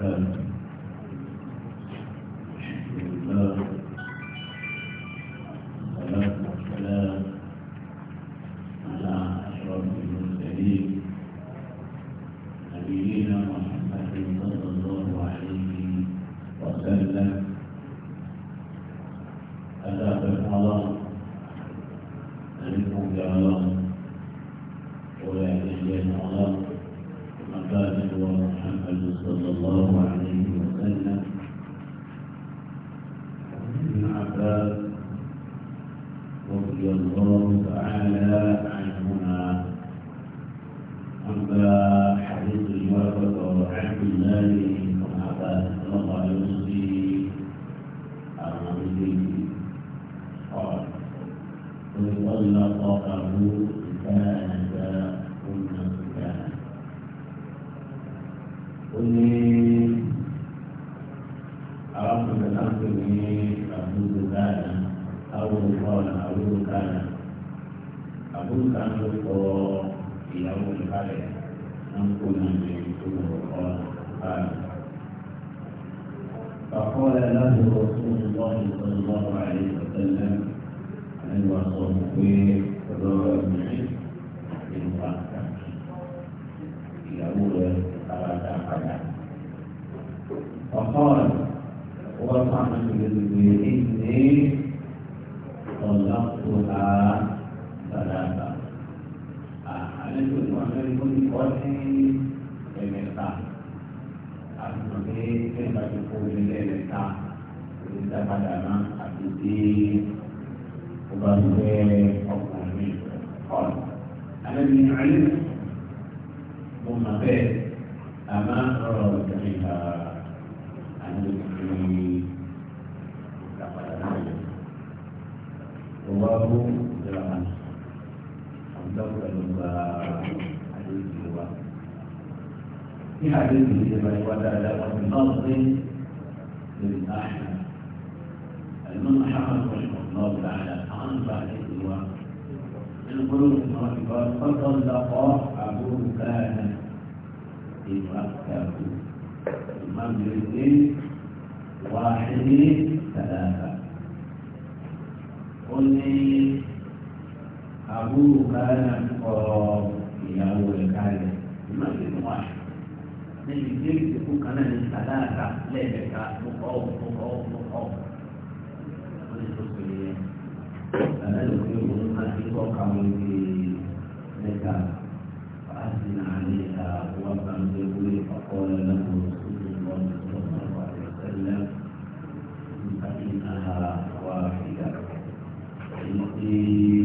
Um, رضي الله تعالى عنهما أما حديث الورقة وعبد الله بن عباس صلى الله عليه وسلم قال ويطلق له كان كنا يريدون الله آمين فقال له رسول الله صلى الله عليه وسلم أن وصفه ذو المعين من فاكهة يقول أراد أحدا فقال وصفه إني nígbà tó kó omi lẹ́ẹ̀mẹ́ta omi dábàdà náà àti tí ó bá fẹ́ ọkùnrin ọ̀rọ̀. Àlẹ́bí alẹ́ mo mà bẹ́ẹ̀ àmọ́ ọ̀rọ̀ ìjọba. حديث جبل وداع وفي الأرض للأحمد الإمام أحمد رحمه الله تعالى عن بعده هو من قلوب المرافقات فطلق أبوه كان امرأته المجلس واحد ثلاثة قل لي أبوه كان قال إلى أول كان المجلس واحد níbi tí ìsìnkú kan náà ní sàdáàtà lẹ́ẹ̀mẹ́ta mo kọ́ ọ́ mo kọ́ ọ́ mo kọ́ ọ́ wọ́n ti tó pè é sàdáàtà ló fi òun máa ti kọ́ ka mo ti mẹ́ta fàásì náà ní àwọn àgbàǹdé wúlé ọkọ lẹ́nu sójú wọn ní ọmọ ọmọ àgbẹ̀sẹ̀lẹ̀ nípa ìnáhà wà fìyà ìdí.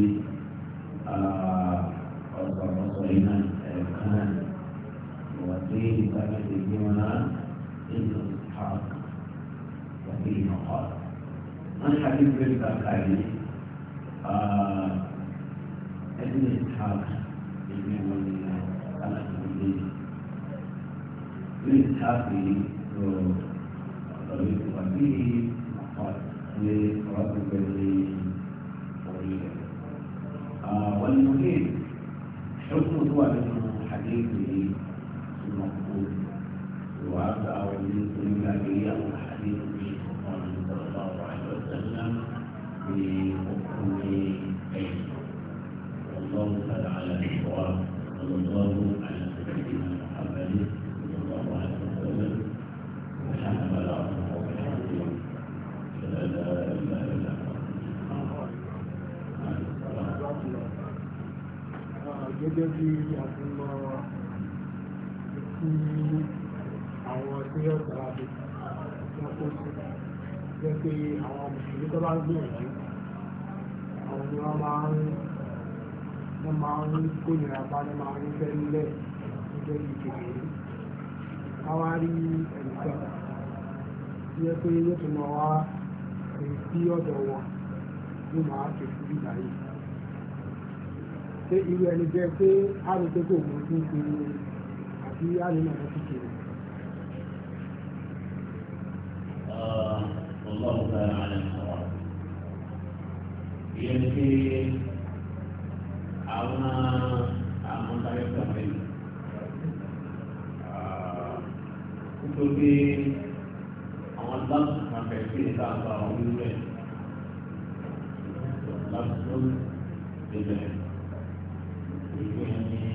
سبيلنا إلا الحق وفي مقال من حديث بالبخاري ابن إسحاق ابن ولي أنا أقول ابن إسحاق طريق وفيه مقال لرب الذي وليه والمهم pé àwọn mùsùlùmí tó bá ń gbìyànjú àwọn ni wọ́n máa ń wọ́n máa ń kónira bá ní máa ń fẹ́ nílẹ̀ níjọ́ yìí káwá rí ẹnìkan tí yẹ pé yóò tún wá sí ọ̀dọ̀ wọn ló máa ṣe fún ìgbà yìí pé irú ẹni jẹ́ pé àrùntẹ́ kò mú fún kiri àti àrùn náà والله تعالى أعلم الصواب يمشي أما أما طريق تمرين كتبي أما اللفظ ما فيه تعطى ويوجد لفظ بالبعض يقول يعني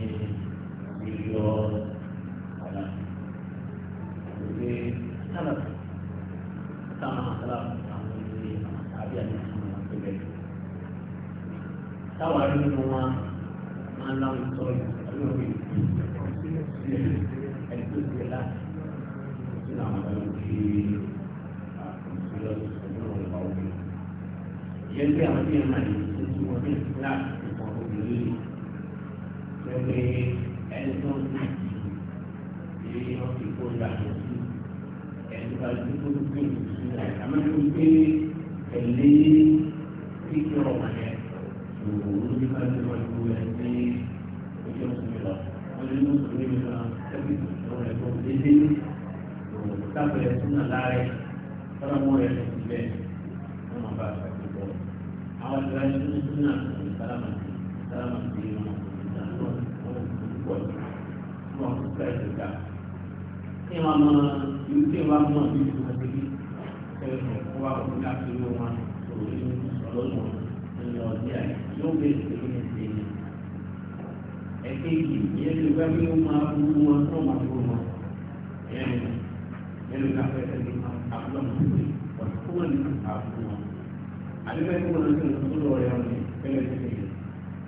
nínú wọn máa ń láwọn sọ lórí ẹgbẹ́ ìgbẹ́ láti sí àwọn ọmọ tí àkọsílẹ̀ ọdún ọ̀la òwe. ìyẹn bí àwọn bíi ẹ̀ma yìí tó ti wọ́n bí ìfúlá ìfọ̀n obìnrin pẹ̀lú ẹni tó ń bí ìdí ní wọ́n ti kó ìlànà sí ẹni bá ti kó ìgbé ìlú sílẹ̀ àmọ́ tó ń gbé pẹ̀lú kíkọ́ ọ̀mọ̀lẹ́ sábẹ̀rẹ̀ súnà ìlú tí wọ́n mọ̀ ní ìlú wọn ẹ̀rọ kó wá láti rí wọn. kéèkì ìyẹn lè gbá pé ó máa wú wọn tó máa tó wọn ẹ̀ẹ́n lè gbà pé ẹni àbúrò máa tó wọn tó wọn ní àbúrò wọn. àdébẹ́ tó wọn lọ́sẹ̀ lọ́sẹ̀ tó lọ́ọ́ rẹ̀ wọn ni pẹ́lẹ́ tó lè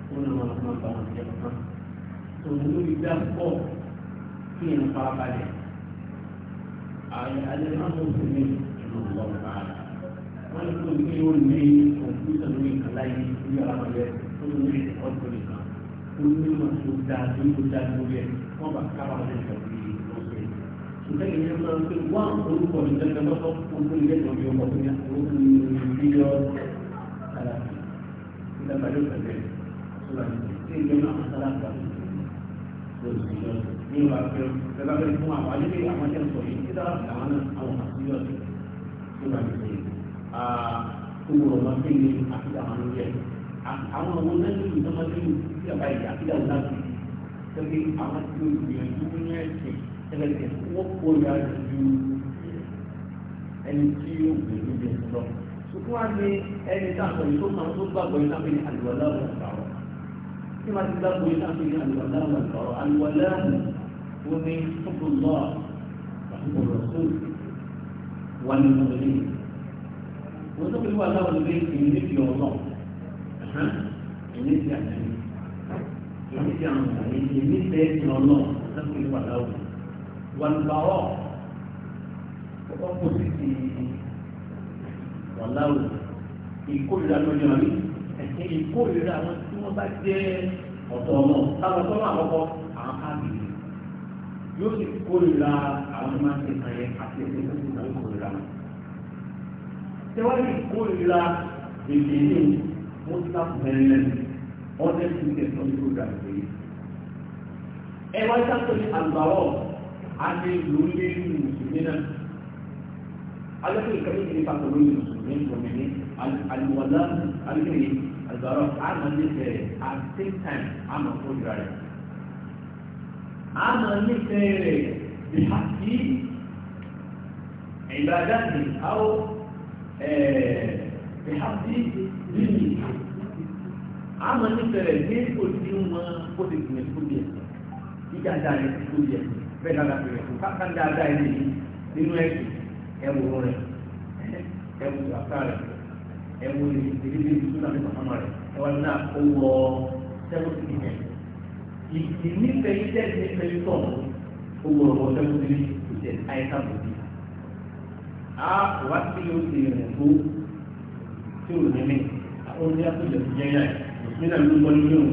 wọn náà máa máa bá wọn jẹ kan. tòun ló fi dá pọ̀ kí ẹ̀ ń fara balẹ̀. àyè alẹ́ máa tó fún mi ìlú ọ̀gbọ̀n báyìí wọ́n ní kó ní kí ó ní kọ̀ǹpútà lórí ìkàlá yìí ní alámọ̀lẹ́ tó ní ọ̀gbọ̀n nìkan onímọ̀ tó dáa tó ní kó dáa lórí ẹ̀ wọ́n bá kára wọn lẹ́sọ̀ bí ọ̀sẹ̀. ṣùgbọ́n ìyẹn máa ń pè wá orúkọ mi dandan lọ́sọ̀ ojú ilé ìtàn mi ọkọ̀ mi àtòwọ́n mi bílíọ̀ ara ìdàgbàdo pẹ̀lẹ́ ṣùgbọ́n ìjọ náà sára gbà ní ìwà pé bẹ́ẹ̀ bẹ́ẹ̀ fún àwọn alẹ́ bíi àwọn ẹ̀ṣẹ̀ sọ̀rọ̀ yìí títà àwọn náà àwọn àtúnyọ̀ sí ìwà ìṣẹ̀lẹ̀ àà owó ọmọ sí ni àti àwọn ọmọ jẹ àwọn ọmọ náà ní ìdánwò ìjọba ìdàkídà láti pẹ̀lú àwọn tí ó gbìyànjú nínú ẹ̀sìn ẹlẹ́sìn wọ́n kórìíra ju ẹni tí ó gbìyànjú jẹ lọ. Sùkú wa ní ẹni tá a sọ yìí tó kàn tó gbàgbọ́ yìí láti ní àlùwàlá wọn sọ̀rọ̀. Tí wọ́n ti gbàgbọ́ yìí láti ní àlùwàlá wọn sọ̀rọ̀, àlùwàlá wọn ni fúnpọ̀lọ́ àtúbọ̀rọ̀ tó wà ní ọ̀rẹ́ wọ́n tó fi wà láwọn ilé ìdíje ọlọ́ọ̀ ẹ̀hán ilé ìdíje àtẹ̀yìn èmi ti àwọn ọmọ yìí èmi tẹ ẹ tìlọ náà láti fi padà wò wọn bá ọ ọkọ kò sí ti wọn láwò ìkórìíra lójú àmì ẹsẹ ìkórìíra àwọn tí wọn bá jẹ ọ̀tọ̀ ọmọ táwọn tó wà lọ́kọ àwọn káàkiri yóò sì kórìíra àwọn máa ń ṣe yẹn àti ẹsẹ tó ti náà kórìíra wọn. tẹwájú ìkórìíra èdè ní mo ti bá hundred students on the program pé ẹ wá sáfẹ́ àgbàwọ̀ a lè lò lé mùsùlùmí náà alẹ́kùn ìkàwé ìdílé papọ̀ lórí mùsùlùmí ìgbọ̀nmí ní àlùwàlá alẹ́kùn àgbàwọ̀ a máa ní bẹ̀rẹ̀ at same time a máa kó rẹ̀ a máa ní bẹ̀rẹ̀ bí a kì ìgbàdá ni a bí a kì bí mi àmọ́ nífẹ̀ẹ́ rẹ̀ ní òdì wọn kó ti gbìyànjú tó bí ẹ̀sìn ìjà dáa rẹ̀ tó bí ẹ̀sìn bẹ́ẹ̀ dáadáa fi rẹ̀ tó káká dáadáa ilé yìí nínú ẹ̀sìn ẹ̀wù rẹ̀ ẹ̀wù àká rẹ̀ ẹ̀wù ìdílé ìlú náà ní pàpàmọ́ rẹ̀ ẹ̀wà náà ó wọ sẹ́wọ́sì kìkẹ́ ìnífẹ̀ẹ́ iṣẹ́ nífẹ̀ẹ́ tọ̀ ó wọ ọ̀wọ́ sẹ́wọ́sì kìkẹ́ àìsàn bòbí a wá sí oṣù nínú ìlú sọ ní yóò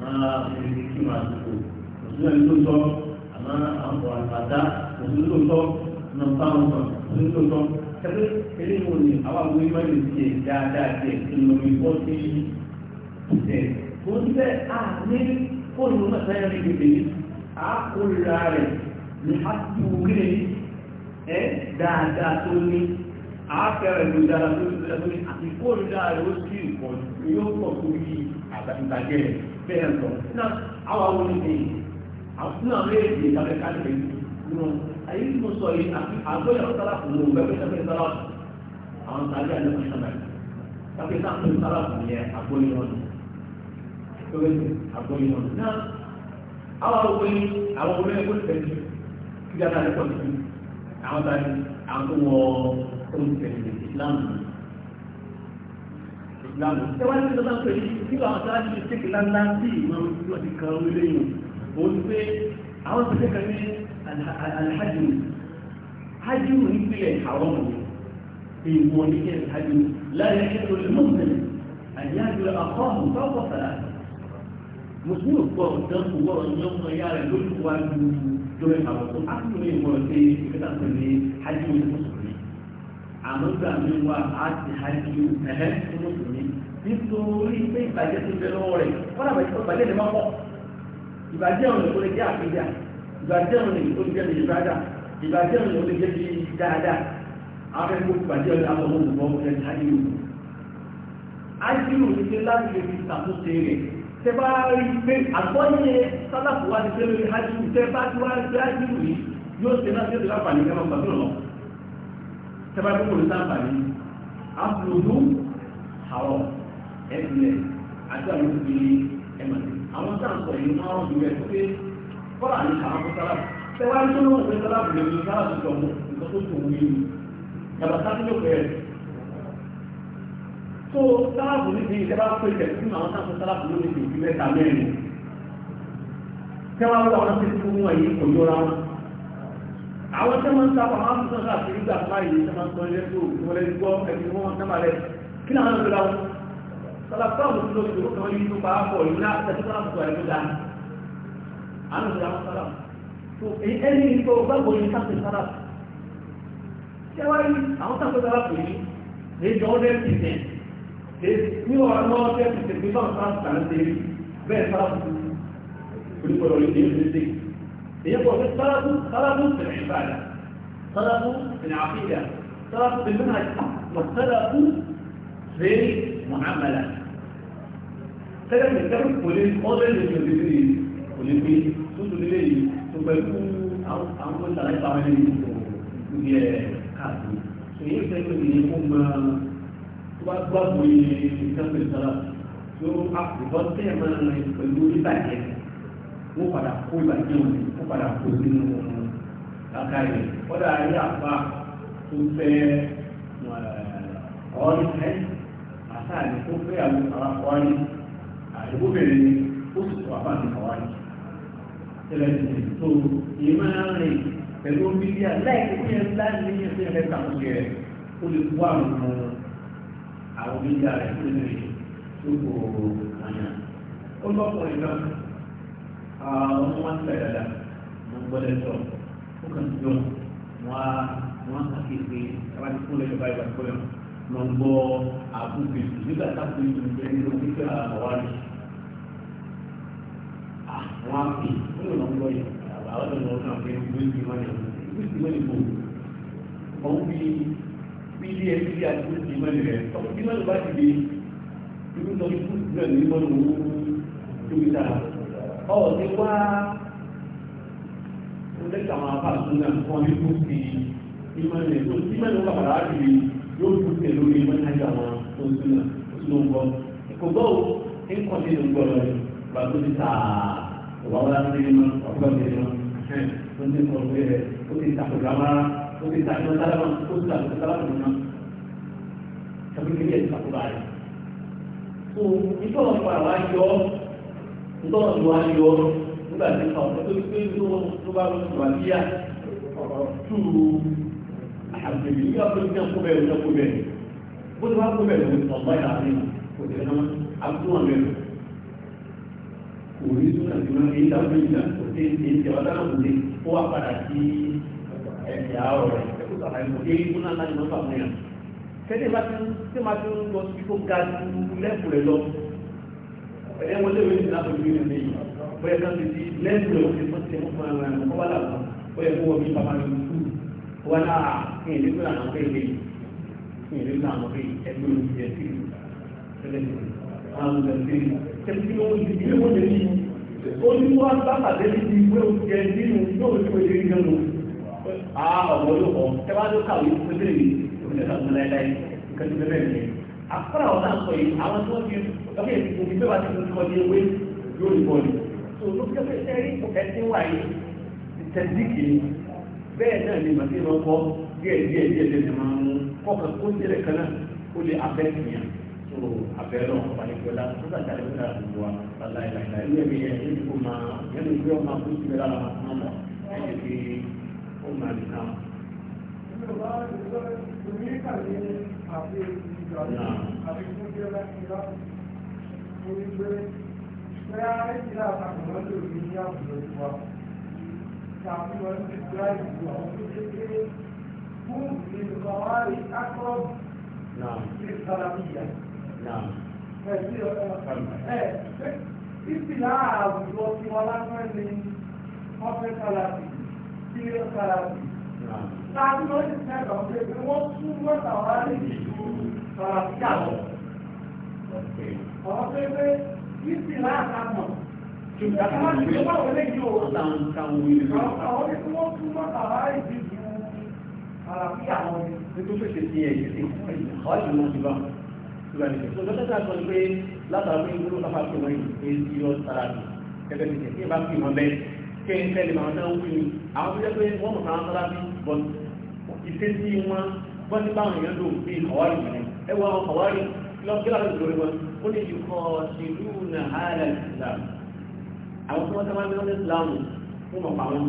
máa fi kí máa dùkò òṣìṣẹ́ ìlú sọ àmọ́ àbọ̀ àgbàdá òṣìṣẹ́ ìlú sọ nọmba ọ̀sán òṣìṣẹ́ ìlú sọ tẹ́lẹ̀ eléyìí wò ni àwọn àwọn ìmọ̀ ìlú tiẹ̀ dáadáa tiẹ̀ kí ló ń bọ́ sí tiẹ̀ kò ń bẹ́ à ní fóònù náà sáyẹn rí bèbè ní àkórira rẹ̀ ní àtúwúrẹ́ ẹ̀ dáadáa tó ní àáfẹ́ ló dára tó ní àti fóònù dáa ó sì pọ̀ yóò pọ̀ tó yìí ìgbàjẹ́ bẹ́ẹ̀ ń sọ. náà àwọn àwọn oníṣẹ́ àwọn àwọn èdè ìtàgé káàkiri nínú ayé tí mo sọ yìí àti àgbẹ̀yàwó sálà fún mi òun bẹ́ẹ̀ bẹ́ẹ̀ sálà àwọn sáré àti ọ̀sán náà tàbí sáàpù sálà fún yẹ àgbọ̀yìn wọn. àgbọ̀yìn wọn. náà àwọn òwe àwọn òwe ẹgbẹ́ ìfẹ̀jú kí dáadáa lẹ́kọ̀ọ́ sí àwọn sáré àwọn tó wọ oúnjẹ ṣé wọ́n ti lọ́dọ̀ pé nígbà àwọn sáájú ti tẹ́kì lánlá sí ìmọ̀ ojú ọdí kan orílẹ̀ yìí ó ní pé àwọn ti tẹ́kà ní alhajiru hajiru nípìnlẹ̀ àwọn ọmọ ìwọ̀n ní kẹ́ hajiru láyé kí ló lè mọ̀ọ́sẹ̀ àyájú àkọ́ àmúfáwọ̀ sàrà mùsùlùmí kọ̀ ọ̀dọ́ ìwọ̀ ọ̀yọ́ ọmọ ìyá rẹ̀ lórí wa ju lórí àwọn tó á tún lè mọ̀ ṣe ìkẹta pẹ̀lú hajiru mùsùlùmí àmọ́ gbà mí wá á ti hajiru ẹ̀hẹ́ mùsùlùmí nítorí pé ìbàjẹ́ tó bẹ lọ́wọ́ rẹ̀ wọ́n náà bàjẹ́ tó bàjẹ́ lè má pọ̀ ìbàjẹ́ ọ̀nà tó lè jẹ́ àpéjà ìbàjẹ́ ọ̀nà tó lè jẹ́ bí ìbàdà ìbàjẹ́ ọ̀nà tó lè jẹ́ bí dáadáa àwọn ẹgbẹ́ ìbàjẹ́ ọ̀nà àwọn ọmọ òbọ̀ ọ̀rẹ́ táyìlú ájírù ní pé láti lè fi ṣàtúnṣe rẹ̀ tẹ bá rí pé àgbọ́yé sálàpù wá ti tẹ́lẹ̀ ájírù tẹ bá ti wá rí ájírù yìí yóò ṣe náà tẹ́lẹ̀ láǹfààní kẹ́mọ́ gbàdúrà lọ tẹ bá ẹ̀dùnlẹ̀ àti àwọn obìnrin ẹ̀mà àwọn tá à ń sọ yìí máa ń bìrẹ̀ tó pé kọ́lá ní àwọn kó sálábù tẹ́wá ń tó lóhùn pé sálábù lè ní sálábù tó mú nǹkan tó tó wúlò ní yàrá sábì ló pẹ́ tó sálábù níbi ìjọba pé tẹ̀sí fún àwọn tá à ń sọ sálábù ló ní ti ìdí mẹ́ta mẹ́rin tẹ́wá wọ àwọn tó ti fún wọn yìí kò yọra wọn àwọn tẹ́ máa ń sábà máa ń sọ sáà sí ìgbà fúláyé tẹ́ máa ń sọ ilé tó wọlé gbọ́ ẹ̀mí wọn tẹ́ máa lẹ̀ kí náà ń lọ sọlá sọlá tó lọ sí ìdókòwò yìí tó bá bọ̀ yìí náà tẹ̀sí sọlá tó ẹ̀rọ dáa àánú ìyá wọn sọlá tó ẹni ìgbọ́ gbàgbọ́ yìí sáfì sọlá ṣé wáyé àwọn sáfì sọlá tó yìí lè jọ ọ́dẹ́ pìtẹ́ ní ọ̀rọ̀ náà ọ̀dẹ́ pìtẹ́ pé báwọn sọlá tó kàlẹ́ tẹ̀lé bẹ́ẹ̀ sọlá tó onígbọ̀rọ̀ yìí lè lè èyí pọ̀ pé sọlá tó sọlá tó tẹ̀lé ìbàdà sọlá tó tẹ̀lé àfíìyà sọlá tó tẹ̀lé mẹ́ta tẹ́lẹ̀ nìkan kò lè ọdún èdè tó lè fi kò lè fi tó tó lè yìí tó pẹ́ fún àwọn tó sàlẹ̀ pa wọn lẹ́yìn tó ní ẹ̀ káàkiri tó yẹ fẹ́ pé nìyẹn kó mọ tó bá gbọ́ àbò yìí nìkan pẹ̀lú sára tó àkùbọ́ tẹ́ ẹ̀ máa rìn pẹ̀lú ìbàjẹ́ wọ́n padà kó ìbàjẹ́ wọn wọ́n padà kó àwọn àwọn ọ̀ọ́nì àìbóbìnrin ni ó sì tọ́ àbá nìkan wáyé tẹ́lẹ̀ tó èyí máa ń rìn pẹ̀lú mídíà láìpẹ́ ní ẹ̀ ńlá ní ẹ̀ sí ẹ̀fẹ́ kàkúkẹ́ rẹ̀ ó lè kó àrùn àwọn mídíà rẹ̀ tó lè gbogbo àyà ó lọ́kùnrin náà àwọn ọmọ wọn ti bẹ̀rẹ̀ dáadáa wọn gbọ́dọ̀ sọ ó kàn ti jọ wọn wọn á kéde kábàtì fún lẹ́yìn bá tó yàn lọ gbọ́ àbúgbèsè nígbà táwọn ènìyàn ń bẹ nínú kíkà àwárí àwọn àpè wọn yóò lọ ń lọ yìí àwọn ọ̀dọ́ ìlú ọ̀kan pé wọ́n ti mọ́ ẹ̀ wọ́n ti mọ́ ẹ̀ bò wọ́n fi bílí ẹ̀ bílí àti wọ́n ti mọ́ ẹ̀ rẹ̀ ọ̀pọ̀ bí mọ́lù bá ti dé ibi tó kú náà ní mọ́lù owó tóbi sára ọ̀ ti wá lẹ́ka àwọn apáàtún náà wọ́n ní kó fi ìmọ̀lẹ̀ tó ti mọ́lù kàkàrà á ti yóò kú tẹ̀ lórí mọ́lù àwọn tó ń sún náà tó ń gbọ́ kò gbọ́ bàtú ti tà ìwàwọ́lá nílé mọ́ ọ̀pọ̀ nílé mọ́ tó ní kọ̀ pé ó ti tà kòkòrò amára ó ti tà kòkòrò sálámà ó ti tà kòkòrò sálámà nínú tàbí kékeré ti kàkó báyìí. tó ìtọ́wọ̀ fún àwa yọ ìtọ́wọ̀ fún wa yọ nígbà tí kò tó ti pé tó tó bá lọ́sùn wà bíyà ọ̀rọ̀ tù àgbègbè yíyá tó ti kó bẹ́ẹ̀ ló kó bẹ́ẹ̀ bó ti bá kó bẹ́ẹ̀ ló ń òní súnà tí wọ́n ní ìdáwọ́ ìjà tó ṣe ń ṣe ọ̀dá náà kùdé ó wà padà sí ẹ̀yà ọ̀rẹ́ ẹ̀kú sàlàyé kò dé ikú náà láti mọ́tò àwọn èèyàn. tẹ́lẹ̀ bá ti ṣé máa ti ń lọ sí tó ga ju rẹ̀ lọ ẹ̀yẹ́ wọn léwé ní lápẹ̀lú ilé mi bóyá kan ti di lẹ́kù rẹ̀ ó ti ti ẹ̀kọ́ fún ara rẹ̀ kọ́ bá làwọn bóyá kó wọ́n mi bàbá mi kú wọn náà kí ìdíkùn àwọn fẹ́ẹ́ and the thing tẹ̀sí ó ti gbé wọ́n lè ní ó ní wọ́n bá pàdé ní ti ìwé oúnjẹ nínú yóò tó èdè ìjọ lò á ọ̀wọ́ ló kọ́ ẹ bá ló kàwé pété ní ìpínlẹ̀ kan láéláé nǹkan ti bẹ́ẹ̀ ní. àkọ́rà ọ̀dà ń sọ yìí àwọn tí wọ́n ti ọkẹ́ ìfòkì bẹ́ẹ̀ bá ti fi kọ́ ní ewé yóò lè bọ́ọ̀lù. tó ló fi ẹgbẹ́ ṣe rí ẹtí wà yìí tẹ̀síkì bẹ́ẹ̀ náà ni tó abẹ́rẹ́ náà fanifẹ́lá tó sàtà lè fẹ́ra àdúgbò wa lálẹ́ ìlànà ilé mi yẹn ní kò máa yẹn ní ìgbé ọmọ akó síbẹ̀ lára máa mọ̀ ẹ̀yẹ fi ó máa lè kàn. Tàbí wọn ìpìlá àwùjọ tí wọn lásán ni wọn fẹ́ kálàbì tí ó kálàbì láti wọn ti fẹ́ kàn pé pé wọn tún mọta wá ní ìlú kálàbì àwọ ọ̀rọ̀ pé pé ìpìlá àkàmọ ìdájọ́ ti wọ́n wọ́n lè yí o àwọn tí wọ́n tún mọta wá ìdí ìlú kálàbì àwọn ni. nítorí pé ṣe ti ẹ̀yìn ìkọ́ ìlú ọ̀ṣun náà ti bá wọn ìgbàlè tó lọ́jọ́ tá a sọ pé látara pé ìgbóló káfà pé wọ́n yìí ní yọ sára mi gẹ́gẹ́ bí kí n bá pè wọ́n bẹ́ẹ̀ kí n tẹ́lẹ̀ máa náà wí ni àwọn tó jẹ́ pé wọ́n mọ̀ káwọn sára bí bọ́n ìṣe sí wọn bọ́n ti báwọn èèyàn lò bí àwárí yìí ẹ wọ àwọn àwárí lọ́kí láti lórí wọn ó lè yìí kọ́ ṣèlú nàhálà islam àwọn tó wọ́n tẹ́ máa ń lọ́dún islam fún mọ̀ pàwọn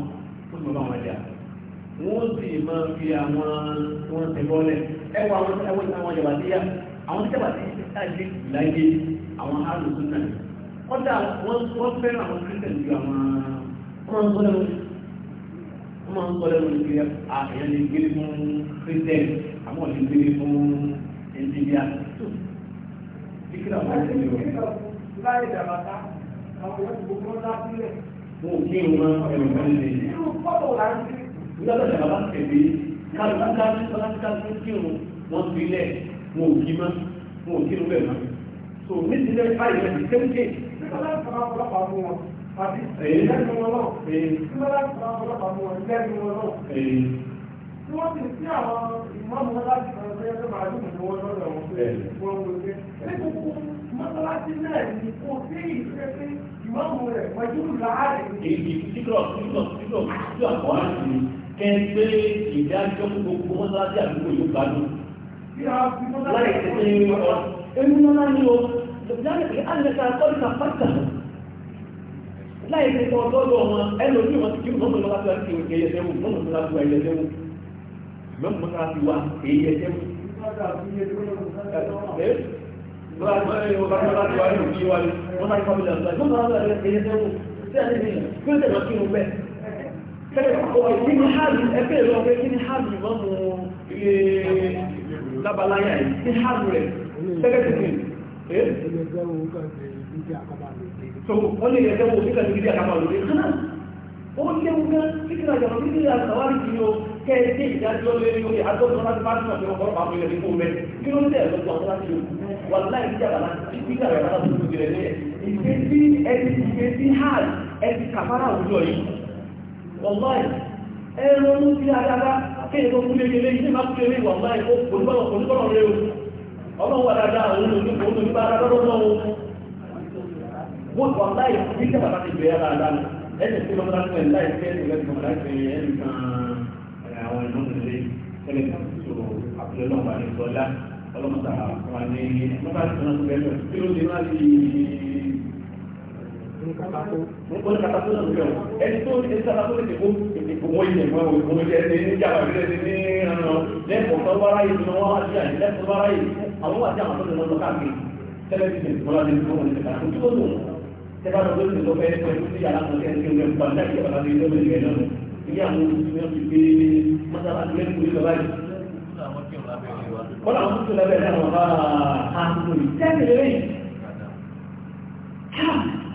fún mọ̀ pàwọn ẹ̀dá wọ́n sì máa fi àwọn tí wọ́n àwọn tẹ́wà tí ń tàbí láyé àwọn alùsùn náà kọ́dà wọ́n fẹ́ràn àwọn christian ju àwọn ọmọ ń sọ́lẹ̀ wọn ọmọ ń sọ́lẹ̀ wọn pé àyàn lè gbé fún christian àwọn lè gbé fún engineer tó ìkìlọ̀ wọn ti lè wọ́n. láyé ìdàbàtà àwọn ìwé gbogbo ńlá sílẹ̀. wọn ò kí n máa ń fẹ́ràn wọn lè. irú kọ́tò là wọn ò kí mọ́ wọn ò kí ló bẹ̀rẹ̀ mọ́ so ní ti lẹ́ báyìí lẹ́ ti tẹ́lú kéèkì nígbà láti fara ọlọ́pàá fún wọn àti lẹ́nu wọn náà nígbà láti fara ọlọ́pàá fún wọn lẹ́nu wọn náà tí wọ́n ti sí àwọn ìmọ̀mù láti fara ọlọ́pàá fún wọn lẹ́nu wọn náà wọ́n ń gbé ní gbogbo mọ́sálásí náà ní kò sí ìfẹ́ pé ìmọ̀mù rẹ̀ àwọn àti láì sí ní ọ̀rọ̀ èmi ní ọlá ní o lẹ́yìn àlẹ́ka ọdún kan pátá láì sí ọjọ́ lọ wọn ẹnu ní wọn ti kí wọn mọ̀lá tó ti òkè ẹyẹ sẹ́wọ̀n wọn mọ̀lá tó ẹyẹ sẹ́wọ̀n wọn mọ̀lá tó wà ẹyẹ sẹ́wọ̀n. Bọ́lá tó ẹyẹ wọn bá tó wà ní òkè wa ni wọ́n bá tó wà ní òkè wa ni ẹyẹ sẹ́wọ̀n sí àlẹ́ mi kí ó tẹ̀lé kí n bẹ́ẹ̀. Kẹ́lẹ́ kí ni hábì ẹgbẹ́ ìlú ọ̀gbẹ́ kí ni hábì mọ́mú ilé lábaláyà yìí ní hardware secretary ẹ̀ so wọ́n lè yẹ jẹ́wọ́ nígbà tí dídí àkàmà lòdì kánà ó léwu gan títí àjọ títí àtàwárí ti yọ kẹ́ẹ̀dé ìdájọ́ lé ní orí àtọ́jọ́ láti bá tún àfihàn ọ̀rọ̀ àwọn ilẹ̀ nípò mẹ́ kí ló ń tẹ̀ lọ́jọ́ àwọn láti yòókù wà láì ní jàrá láti ní jàrá láti tó tilẹ̀ ní ẹ̀ ìgbé sí ẹni ìgbé sí hard ẹni kàfárà àwùjọ yìí wọ́n láì ẹ̀rọ ló ti kéèyàn tó kú lé lé má kú wà máa ń kó onígbọ̀nà rẹ o ọlọ́run wà dáadáa òun lòdì òun lòdì bá dáadáa lọ́wọ́ o wọ́n wà láì bí kí bàbá ti bẹ̀rẹ̀ dáadáa ẹni tí wọ́n bá ti bẹ̀rẹ̀ láì fẹ́ ẹni tí wọ́n bá ẹni kan àwọn ìlú nílé ẹni kan tó àpilẹ̀ náà wà ní ìtọ́lá ọlọ́mọta wà ní ẹni tó ṣe sábàtó lè dìbò ìdìbò wọn yìí ẹ̀gbọ́n wọn ìbò jẹ́ ẹni níjà àbílẹ̀ ti ní ẹran lẹ́kọ̀ọ́ tó wá ráyè ní wọ́n wájú àyè lẹ́kọ̀ọ́ wá ráyè àwọn wà sí àwọn tó lè lọ́dọ̀ káàkiri tẹ́lẹ̀tìmẹ̀ tó wọ́n lè dìbò wọn ìdìbò àti tó lò tẹ́lá lọ lórí ìdìbò fẹ́ pẹ̀lú sí alákọ̀ọ́kẹ́ ẹni tó lè gbà láti ọ̀la lórí ìdìbò ìgbẹ̀ náà ìyá àwọn olùsúnmọ́ ti gbé mọ́sálásí lẹ́kùn ìjọba yìí. kọ́lá àwọn tó lẹ́bẹ̀ẹ́ náà wọ́n bá a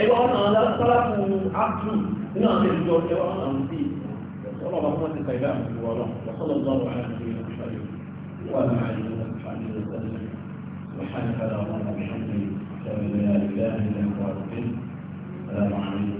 ẹgbẹ́ ọ̀nà aláṣálàkù ápù nínú àwọn ìjọ ẹwà ọ̀nà sí ọlọ́ba fún ọ̀sẹ̀ kàìlá àmìwọ̀ ọlọ́ wọ́sọ́lọ́gbọ́n àwọn àti ìrìnàṣàlẹ̀ wà láàrin ìrìnàṣàlẹ̀ ìrìnàṣàlẹ̀ سبحانك اللهم وبحمدك لا اله الا انت استغفرك واتوب اليك السلام عليكم